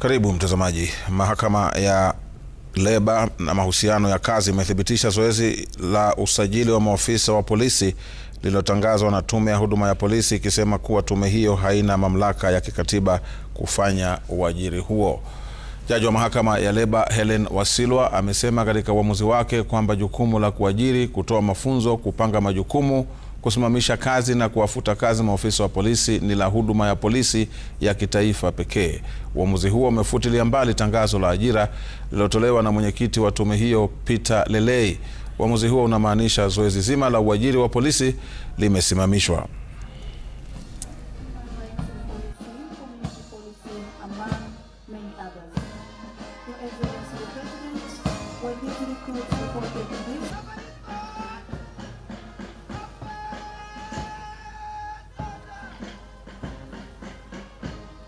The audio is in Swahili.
Karibu mtazamaji. Mahakama ya leba na mahusiano ya kazi imethibitisha zoezi la usajili wa maofisa wa polisi lililotangazwa na Tume ya Huduma ya Polisi ikisema kuwa tume hiyo haina mamlaka ya kikatiba kufanya uajiri huo. Jaji wa mahakama ya leba Helen Wasilwa amesema katika uamuzi wake kwamba jukumu la kuajiri, kutoa mafunzo, kupanga majukumu kusimamisha kazi na kuwafuta kazi maofisa wa polisi ni la huduma ya polisi ya kitaifa pekee. Uamuzi huo umefutilia mbali tangazo la ajira lililotolewa na mwenyekiti wa tume hiyo Peter Lelei. Uamuzi huo unamaanisha zoezi zima la uajiri wa polisi limesimamishwa.